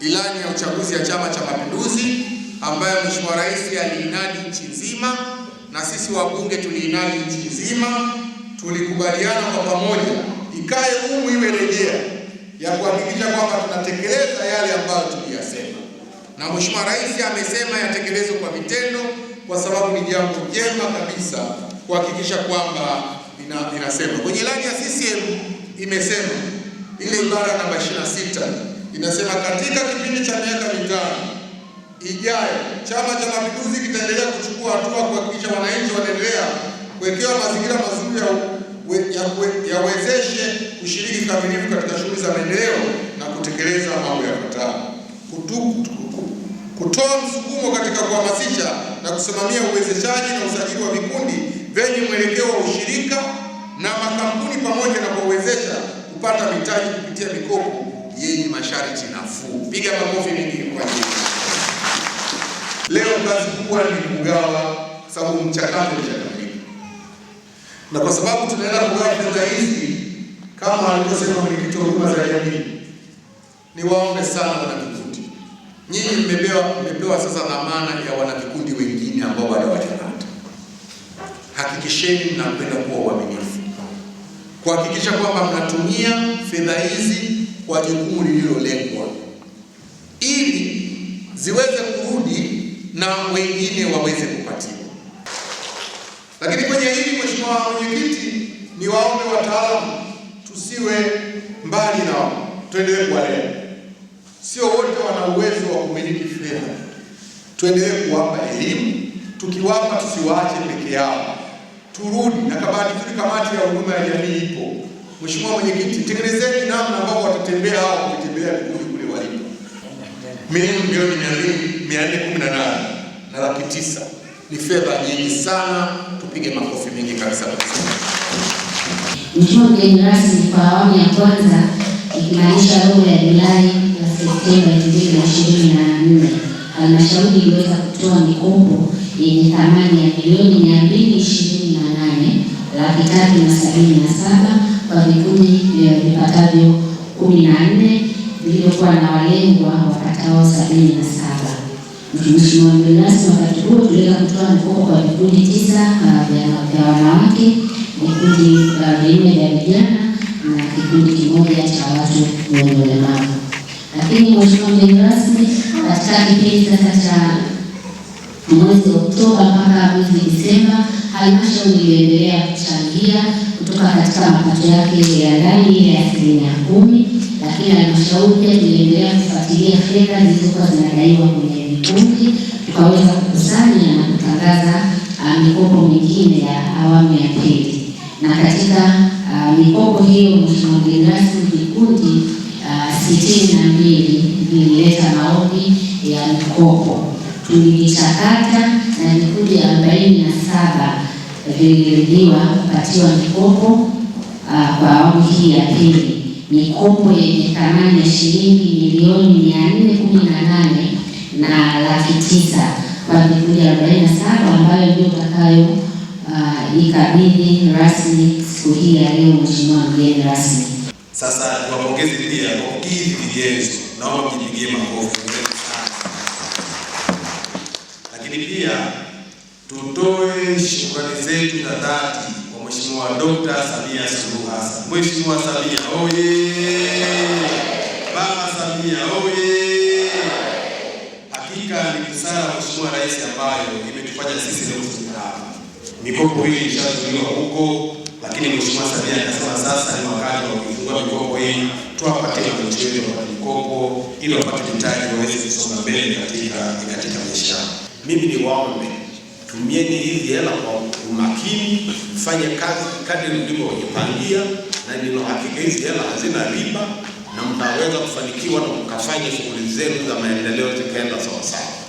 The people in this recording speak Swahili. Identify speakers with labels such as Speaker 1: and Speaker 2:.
Speaker 1: ilani ya uchaguzi ya Chama cha Mapinduzi ambayo Mheshimiwa Rais aliinadi nchi nzima na sisi wabunge tuliinadi nchi nzima. Tulikubaliana kwa pamoja, ikae humu iwe rejea ya kuhakikisha kwamba tunatekeleza yale ambayo tuliyasema, na Mheshimiwa Rais amesema yatekelezwe kwa vitendo, kwa sababu ni jambo jema kabisa kuhakikisha kwamba inasema kwenye ilani ya CCM imesema ile ibara namba 26 inasema katika kipindi cha miaka mitano ijayo Chama cha Mapinduzi kitaendelea kuchukua hatua kuhakikisha wananchi wanaendelea kuwekewa mazingira mazuri yawezeshe ya we, ya kushiriki kikamilifu katika shughuli za maendeleo na kutekeleza mambo ya yafuatayo: kutoa msukumo katika kuhamasisha na kusimamia uwezeshaji na usajili wa vikundi vyenye mwelekeo wa ushirika na makampuni pamoja na kuwawezesha kupata mitaji kupitia mikopo
Speaker 2: yenye masharti nafuu. Piga makofi mingi kwa ajili.
Speaker 1: Leo kazi kubwa ni kugawa, sababu mchakato ushakamilika, na kwa sababu tunaenda kugawa fedha hizi kama alivyosema mwenyekiti wa huduma za jamii, niwaombe sana wanavikundi, nyinyi mmepewa mmepewa sasa dhamana ya wanavikundi wengine ambao bado hawajapata. Hakikisheni mnapenda kuwa uaminifu kuhakikisha kwamba mnatumia fedha hizi kwa jukumu lililolengwa ili ziweze kurudi na wengine waweze kupatiwa. Lakini kwenye hili, Mheshimiwa Mwenyekiti, ni waombe wataalamu tusiwe mbali nao, tuendelee kuwalea. Sio wote wana uwezo wa kumiliki fedha, tuendelee kuwapa elimu, tukiwapa tusiwaache peke yao, turudi na kamati. Kamati ya huduma ya jamii ipo. Mheshimiwa Mwenyekiti, tengenezeni namna ambao watatembea hao kutembea miguu kule walipo. Milioni milioni mia nne kumi na nane na laki tisa ni fedha nyingi sana, tupige makofi mengi kabisa.
Speaker 3: Mheshimiwa mgeni rasmi, kwa awamu ya kwanza ikimaanisha robo ya Julai na Septemba 2024 halmashauri iliweza kutoa mikopo yenye thamani ya milioni mia mbili ishirini na nane laki tatu na sabini na saba kwa vikundi vipatavyo kumi na nne vilivyokuwa na walengwa wapatao sabini na saba. Mheshimiwa mgeni rasmi, wakati huo tuliweza kutoa mikopo kwa vikundi tisa ah, vya wanawake, vikundi ah, vinne vya vijana na kikundi kimoja cha watu wenye ulemavu. Lakini mheshimiwa mgeni rasmi, katika kipindi sasa cha mwezi Oktoba mpaka mwezi Disemba, halmashauri iliendelea kuchangia kutoka katika mapato yake ya ndani ya asilimia kumi, lakini halmashauri pia tuliendelea kufuatilia fedha zilizokuwa zinadaiwa kwenye vikundi, tukaweza kukusanya na kutangaza ah, mikopo mingine ya awamu ya pili, na katika ah, mikopo hiyo, mheshimiwa mgeni rasmi, vikundi ah, sitini na mbili vilileta maombi ya mikopo tulivichakata na vikundi arobaini na saba vilivyorejewa kupatiwa mikopo ah, kwa awamu hii ya pili, mikopo yenye thamani ya shilingi milioni mia nne kumi na nane na laki tisa kwa vikundi arobaini na saba ambayo ndio utakayo uh, ah, ikabidhi rasmi siku hii ya leo, Mheshimiwa mgeni rasmi.
Speaker 1: Sasa niwapongeze pia kwa kukidhi vigezo, naomba mjipigie makofi, lakini pia tutoe tutoe shukrani zetu na dhati kwa Mheshimiwa Dr. Samia Suluhu Hassan. Mheshimiwa Samia oye! Baba Samia oye! Hakika ni busara Mheshimiwa Rais ambayo imetufanya sisi leo tuko hapa. Mikopo hii ilishatuliwa huko, lakini Mheshimiwa Samia akasema sasa ni wakati wa kuifungua mikopo hii, tuwapatie wananchi wetu wa mikopo ili wapate mtaji waweze kusonga mbele katika katika maisha. Mimi ni waombe Tumieni hizi hela kwa umakini, fanye kazi kadri mlivyojipangia, na nina hakika hizi hela hazina riba na mtaweza kufanikiwa na mkafanya shughuli zenu za maendeleo zikaenda sawasawa.